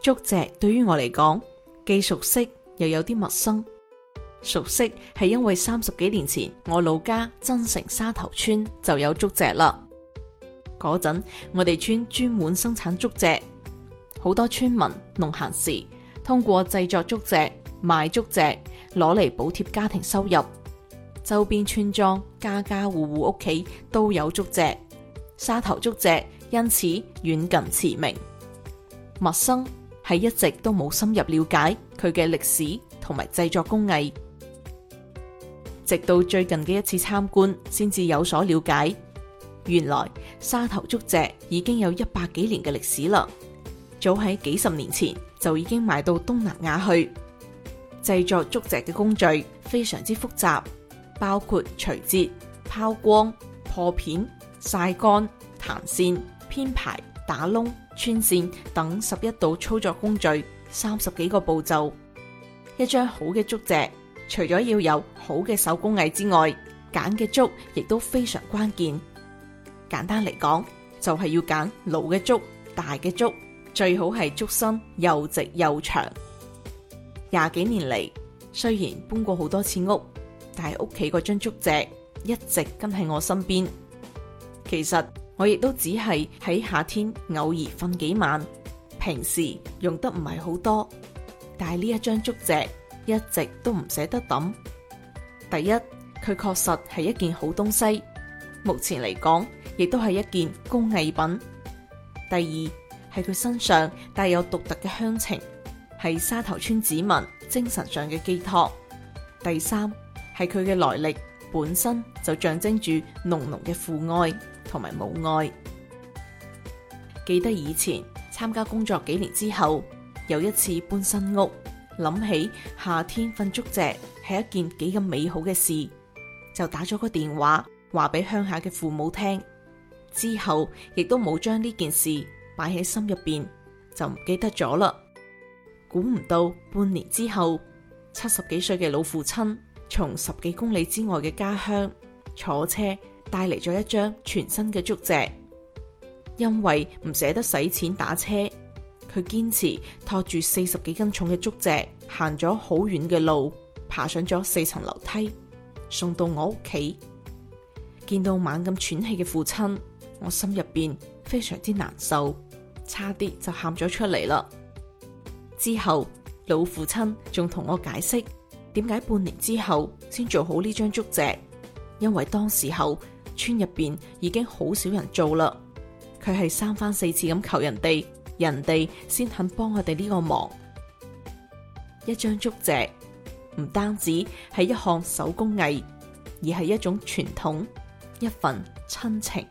竹席對於我嚟講既熟悉又有啲陌生。熟悉係因為三十幾年前我老家增城沙頭村就有竹席啦。嗰陣我哋村專門生產竹席，好多村民農閒時通過製作竹席，賣竹席攞嚟補貼家庭收入。周邊村莊家家戶戶屋企都有竹席，沙頭竹席因此遠近馳名。陌生。係一直都冇深入了解佢嘅歷史同埋製作工藝，直到最近嘅一次參觀，先至有所了解。原來沙頭竹席已經有一百幾年嘅歷史啦，早喺幾十年前就已經賣到東南亞去。製作竹席嘅工序非常之複雜，包括除節、拋光、破片、曬乾、彈線、編排。打窿、穿線等十一道操作工序，三十幾個步驟。一張好嘅竹席，除咗要有好嘅手工藝之外，揀嘅竹亦都非常關鍵。簡單嚟講，就係要揀老嘅竹、大嘅竹，最好係竹身又直又長。廿幾年嚟，雖然搬過好多次屋，但係屋企嗰張竹席一直跟喺我身邊。其實。我亦都只係喺夏天偶爾瞓幾晚，平時用得唔係好多，但係呢一張竹席一直都唔捨得抌。第一，佢確實係一件好東西，目前嚟講亦都係一件工藝品。第二，係佢身上帶有獨特嘅鄉情，係沙頭村子民精神上嘅寄託。第三，係佢嘅來歷。本身就象徵住濃濃嘅父愛同埋母愛。記得以前參加工作幾年之後，有一次搬新屋，諗起夏天瞓竹席係一件幾咁美好嘅事，就打咗個電話話俾鄉下嘅父母聽。之後亦都冇將呢件事擺喺心入邊，就唔記得咗啦。估唔到半年之後，七十幾歲嘅老父親。從十幾公里之外嘅家鄉坐車帶嚟咗一張全新嘅竹席，因為唔捨得使錢打車，佢堅持托住四十幾斤重嘅竹席，行咗好遠嘅路，爬上咗四層樓梯，送到我屋企。見到猛咁喘氣嘅父親，我心入邊非常之難受，差啲就喊咗出嚟啦。之後老父親仲同我解釋。點解半年之後先做好呢張竹席？因為當時候村入邊已經好少人做啦，佢係三番四次咁求人哋，人哋先肯幫我哋呢個忙。一張竹席唔單止係一項手工藝，而係一種傳統，一份親情。